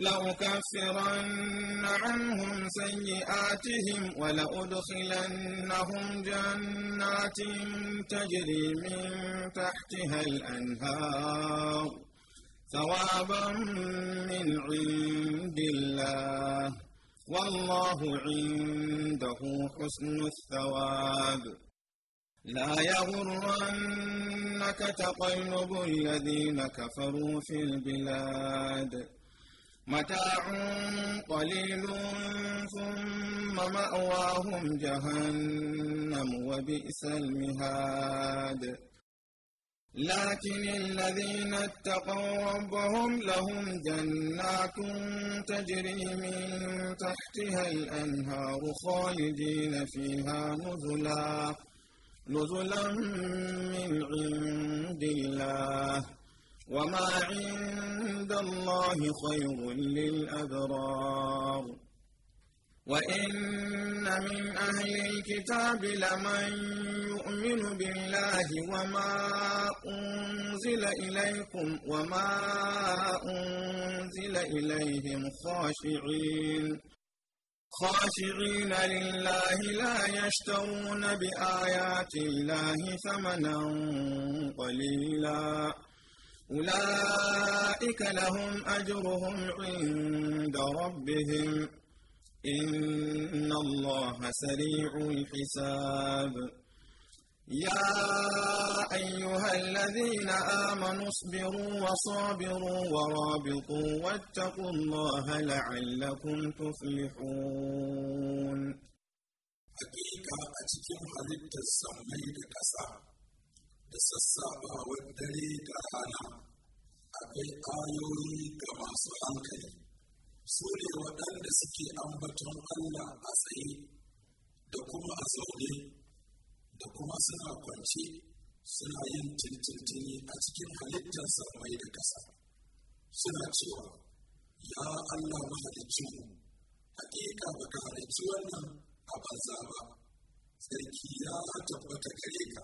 لأكفرن عنهم سيئاتهم ولأدخلنهم جنات تجري من تحتها الأنهار ثوابا من عند الله والله عنده حسن الثواب لا يغرنك تقلب الذين كفروا في البلاد متاع قليل ثم مأواهم جهنم وبئس المهاد لكن الذين اتقوا ربهم لهم جنات تجري من تحتها الأنهار خالدين فيها نزلا نزلا من عند الله وما عند الله خير للأبرار وإن من أهل الكتاب لمن يؤمن بالله وما أنزل إليكم وما أنزل إليهم خاشعين خاشعين لله لا يشترون بآيات الله ثمنا قليلاً أولئك لهم أجرهم عند ربهم إن الله سريع الحساب يا أيها الذين آمنوا اصبروا وصابروا ورابطوا واتقوا الله لعلكم تفلحون da sassafawar dare da rana akwai ayoyi ga masu hankali su ne waɗanda suke ambaton Allah a tsaye da kuma a zaune da kuma suna kwance suna yin tintintini a cikin halittar samai da ƙasa suna cewa ya Allah mahaliccinmu hakika ba ka halicci wannan a banza ba sarki ya tabbata gare ka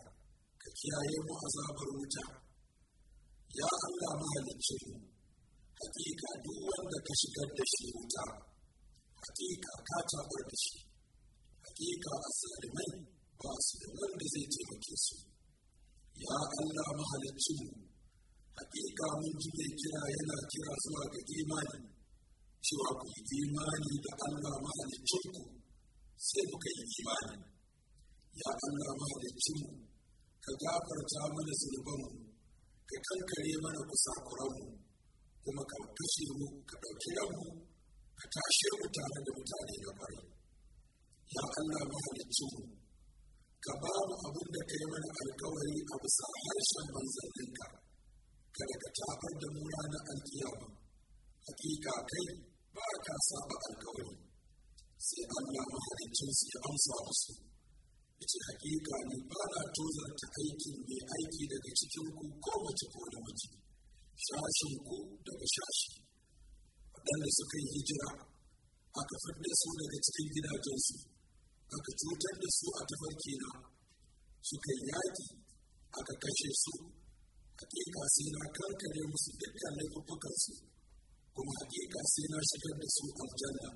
kiyaye mu azabar wuta ya Allah mahalicci mu hakika duk wanda ka shigar da shi wuta hakika ka tabar da shi hakika asalimai ba su da wanda zai taimake su ya Allah mahalicci mu hakika mun ji mai kira yana kira zuwa ga imani cewa ku yi imani da Allah mahaliccinku sai kuka yi imani ya Allah mahaliccinku ka gafarta mana zunubanmu ka kankare mana kusakuranmu kuma ka kashe mu ka ɗauki ranmu ka tashe mu tare da mutane da kwarai ya Allah mahalicci mu ka ba mu abin da ka yi mana alkawari a bisa harshen manzanninka kada ka tafar da mu ranar alkiyama hakika kai ba ka saba alkawari sai Allah mahaliccin su ya amsa musu yace hakika ni ba na tozarta aikin mai aiki daga cikin ku ko mace ko da mace shashin ku daga shashi waɗanda suka yi hijira aka fidda su daga cikin gidajensu aka cutar da su a tafarki na suka yi yaƙi aka kashe su hakika sai na kankare musu dukkan laifukansu kuma hakika sai na shigar da su aljanna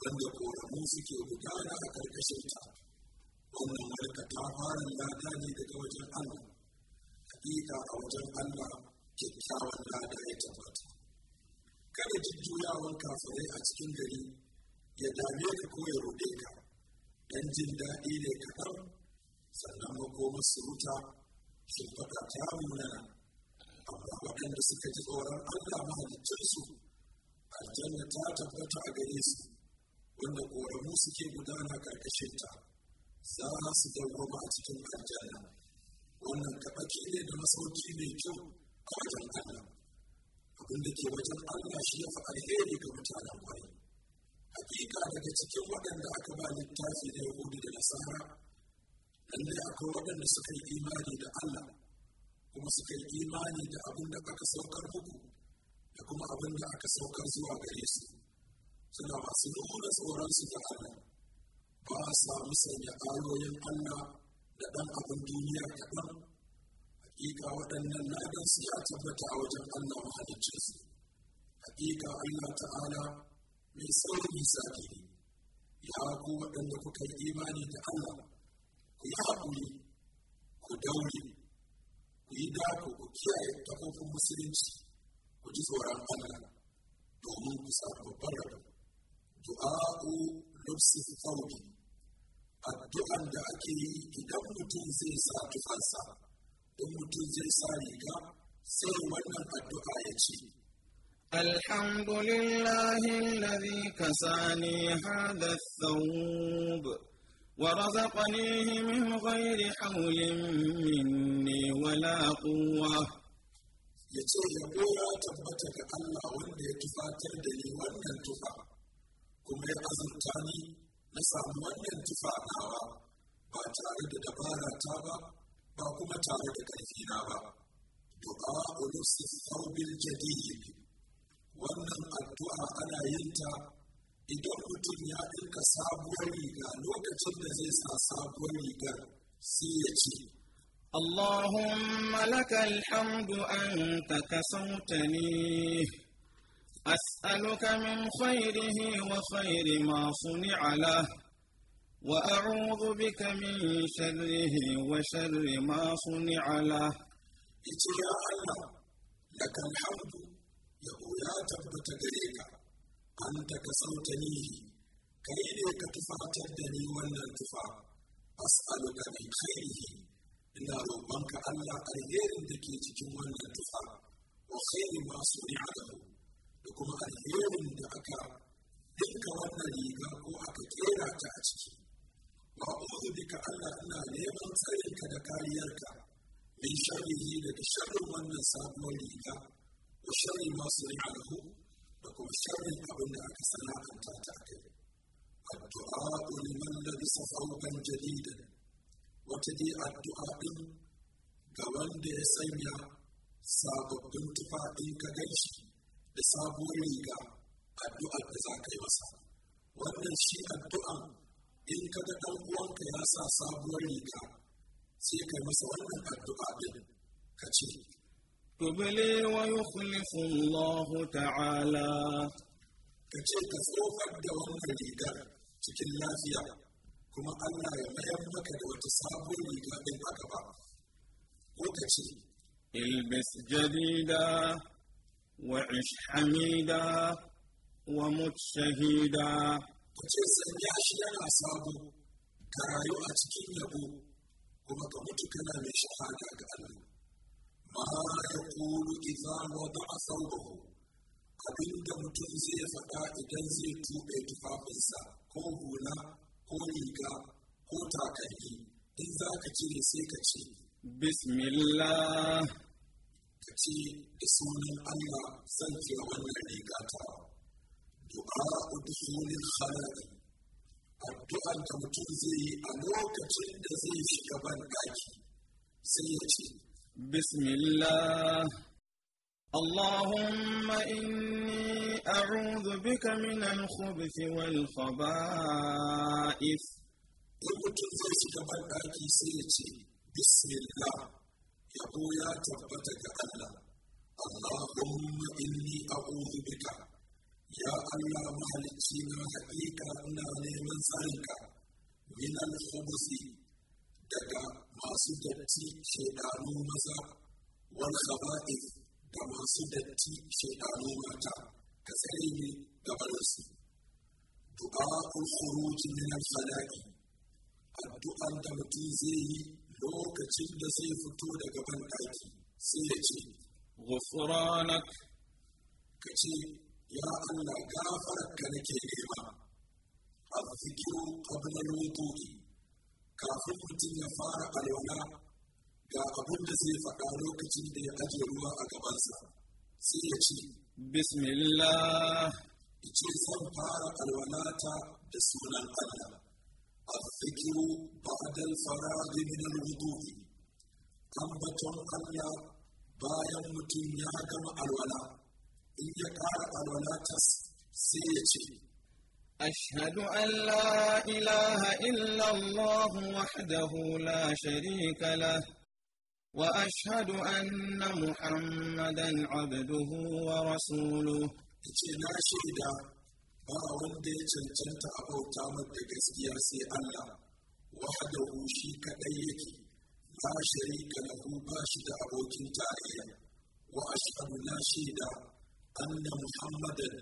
wanda koramu suke gudana a ƙarƙashin ta wannan harka ta fara lada ne daga wajen Allah hakika a wajen Allah kyakkyawan lada ya tabbata kada jujjuyawan kafirai a cikin gari ya dame ka ko ya ruɗe ka dan jin daɗi ne kaɗan sannan makoma su wuta shimfaɗa ta munana amma waɗanda suka ji tsoron Allah mahaliccinsu aljanna ta tabbata a gare su wanda ƙoramu suke gudana ƙarƙashinta. ta za su dawwama a cikin aljanna wannan kaɓaki ne da masauki mai kyau a wajen Allah abin da ke wajen Allah shi ya fi alheri ga mutanen kwarai hakika daga cikin waɗanda aka ba littafi da yahudi da nasara lallai akwai waɗanda suka yi imani da Allah kuma suka yi imani da abin da aka saukar muku da kuma abin da aka saukar zuwa gare su suna masu nuna tsoron su da Allah ba a samu sanya ayoyin Allah da ɗan abin duniya kaɗan hakika waɗannan ladan su ya tabbata a wajen Allah mahaliccin su hakika Allah ta'ala mai saurin misali ne ya ku waɗanda kuka yi imani da Allah ku yi haƙuri ku daure ku yi dako ku kiyaye takofin musulunci ku ji tsoron Allah domin ku samu babbar rabo du'a'u nufsif qawli addu'a da ake yi idan mutum zai sa tufansa don mutum الحمد لله الذي كساني هذا الثوب ورزقنيه من غير حول مني ولا قوة يتوي يقول تبتك الله وإن يتفاتر دلي وإن تفاتر kuma ya azurta ni na samu wannan tufaɗawa ba tare da dabara ta ba ba kuma tare da ƙarfina ba du'a ulusi thawbil jadid wannan addu'a ana yin ta idan mutum ya ɗinka sabuwar riga lokacin da zai sa sabuwar rigar sai ya ce اللهم لك الحمد أنت كسوتني أسألك من خيره وخير ما صنع له وأعوذ بك من شره وشر ما صنع له يا الله لك الحمد يا أولا تبت دريك أنت كسوتنيه كيني كتفات الدني والنتفا أسألك من خيره إلا ربك الله الغير دكيتك والنتفا وخير ما صنع له da kuma alherin da aka dinka wannan riga ko aka kera ta a ciki wa uzu bika Allah ina neman tsarinka da kariyarka min sharrihi daga sharrin wannan sabuwar riga wa sharri masu ri'ahu da kuma sharrin abin da aka sana'anta ta kai addu'a liman labisa thawban jadidan wata dai addu'a din ga wanda ya sanya sababbin tufafi ka gaishe da sabuwar riga addu'ar da za ka yi masa wannan shi addu'an in ka ga ɗan uwanka ya sa sabuwar riga sai ka masa wannan addu'a din ka ce tubli wa yukhlifu Allah ta'ala ka ce ka tsofar da wannan rigar cikin lafiya kuma Allah ya mayar maka da wata sabuwar riga din aka ba ko ka ce ilbis jadida وعش حميدا ومت شهيدا mutum sanya shi yana sabo ka rayu a cikin yabo kuma ka mutu kana mai shahada ga Allah ma ya kulu idza wada'a thawbahu abinda mutum zai faɗa idan zai tuɓe tufafinsa ko hula ko riga ko takalmi in za ka cire sai ka ce bismillah ka ce da sunan Allah sarki wannan riga ta du'a udhulil khalaq addu'ar da mutum zai yi a lokacin da zai shiga ban daki sai ya ce bismillah اللهم إني أعوذ بك من الخبث والخبائث. بسم الله yabo ya tabbata ga Allah Allahumma inni a'udhu bika ya Allah mahalicci na haƙiƙa ina neman tsarinka min al-khubusi daga masu datti shaidanu maza wal khaba'ith da masu datti shaidanu mata ka tsare ni gabarinsu du'a al-khuruj min al-khala'i addu'an da mutum zai yi lokacin da zai fito daga banɗaki sai ya ce ghufranak ka ce ya Allah gafararka nake nema a zikiru qabla al-wudu'i kafin mutum ya fara alwala ga abin da zai faɗa lokacin da ya aje ruwa a gabansa sai ya ce bismillah ce zan fara alwalata da sunan Allah الذكر بعد الفراغ من الوضوء ambaton Allah بايا متنيا كما gama إن in ya ƙara أشهد أن لا إله إلا الله وحده لا شريك له وأشهد أن محمدا عبده ورسوله. ba wanda ya cancanta a bauta mata gaskiya sai Allah wahdahu shi kadai yake la sharika lahu ba shi da abokin tarayya wa ashhadu la shaida anna muhammadan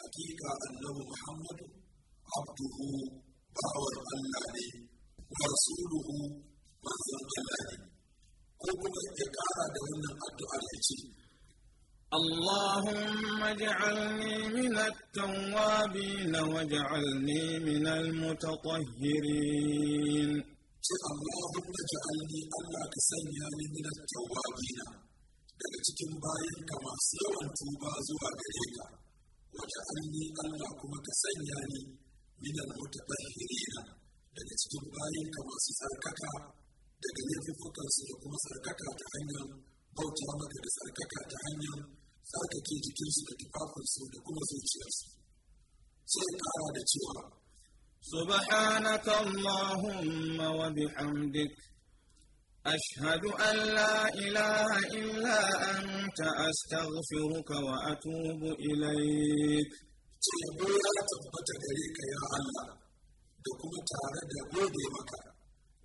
hakika annabi muhammad abduhu bawar Allah ne wa rasuluhu manzon Allah ne ko kuma ya kara da wannan addu'ar ya ce اللهم اجعلني من التوابين واجعلني من المتطهرين اللهم اجعلني الله كسنياني من التوابين daga cikin bayan ka masu yawan tuba zuwa gare ka waja'alni Allah kuma ka sanya ni minal mutatahhirina daga cikin bayan ka masu tsarkaka daga laifukan su da kuma tsarkaka ta hanyar bauta maka da tsarkaka ta hanyar tsarkake jikinsu da tufafinsu da kuma zuciyarsu sai kara da cewa سبحانك اللهم وبحمدك أشهد أن لا إله إلا أنت أستغفرك وأتوب إليك yabo ya tabbata gare ka ya Allah da kuma tare da gode maka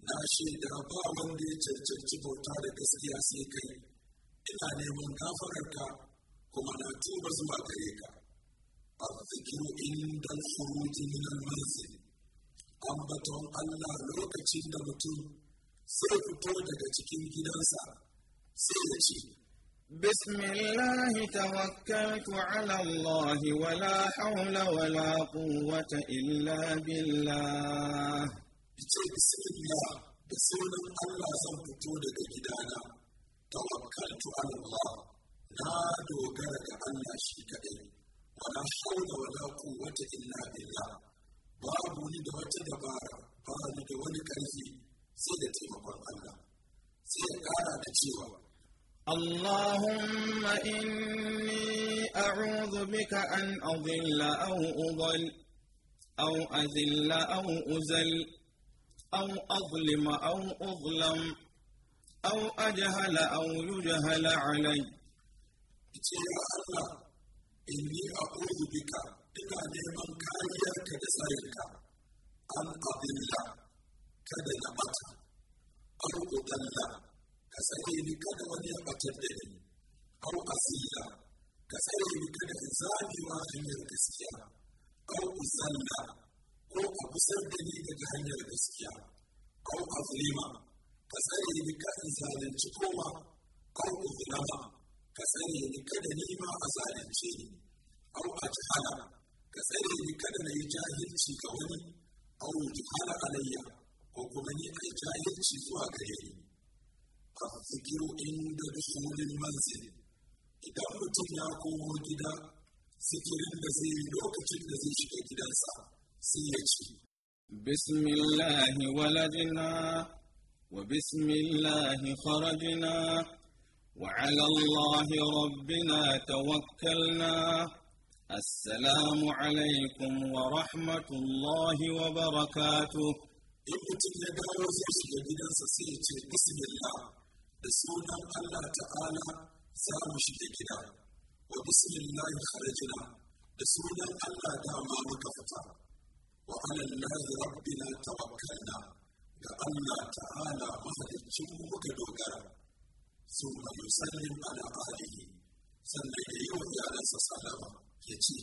na shaida ba wanda ya cancanci bauta da gaskiya sai kai ina neman gafararka kuma na tuba zuwa gare ka azzikiru inda al-khuruji min al-manzil ambaton Allah lokacin da mutum sai fito daga cikin gidansa sai ya ce بسم الله توكلت على الله ولا حول ولا قوة إلا بالله بسم الله بسم الله سنفتو daga gidana توكلت على الله لا دوغر الله شي كدي ولا حول ولا قوة إلا بالله babu ni da wata dabara ba ni سيدتي wani ƙarfi sai da اللهم إني أعوذ بك أن أضل أو أضل أو أذل أو أزل أو أظلم أو أظلم أو أجهل أو يجهل علي إني أعوذ بك إلى نعم كان كدسائك أن أضل كذا نبت أو أضل كسيني كذا ونعمة الدين أو أزيل كسيني كذا إنسان وأهل الكسيا أو أزل أو أبصر دني كجهنم الكسيا أو أظلم ka tsare ni ka in zalunci kowa au uzlama ka tsare ni kada ni ma a zalunce ni au ajhala ka tsare ni kada na yi jahilci ga wani au yujhala alayya ko kuma ni ai jahilci zuwa gare ni afikiru inda dukhulil manzil idan mutum ya komo gida sikirin da zai yi lokacin da zai shiga gidansa sai ya ce bismillahi walajina وبسم الله خرجنا وعلى الله ربنا توكلنا السلام عليكم ورحمة الله وبركاته بسم الله بسم الله تعالى سلام شديدنا وبسم الله خرجنا بسم الله دعما وكفتا وعلى الله ربنا توكلنا ga Allah ta'ala mahaliccin muka dogara sun ma musallin ala alihi sannan ya yi wa iyalansa salama ya ce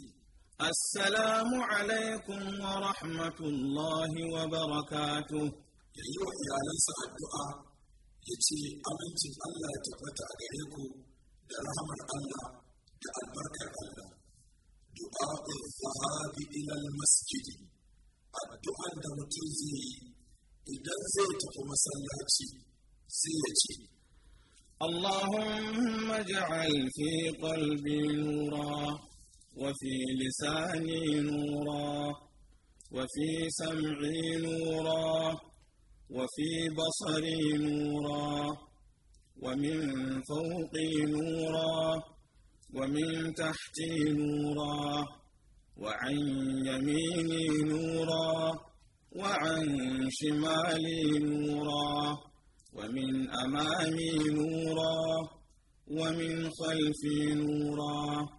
السلام عليكم ورحمة الله وبركاته يا أيها الإعلان الدعاء يتي أمنت الله تبت عليكم الله الله دعاء الذهاب إلى المسجد الدعاء المتوزي idan zai tafi masallaci sai ya ce اللهم اجعل في قلبي نورا وفي لساني نورا وفي سمعي نورا وفي بصري نورا ومن فوقي نورا ومن تحتي نورا وعن يميني نورا وعن شمالي نورا ومن أمامي نورا ومن خلفي نورا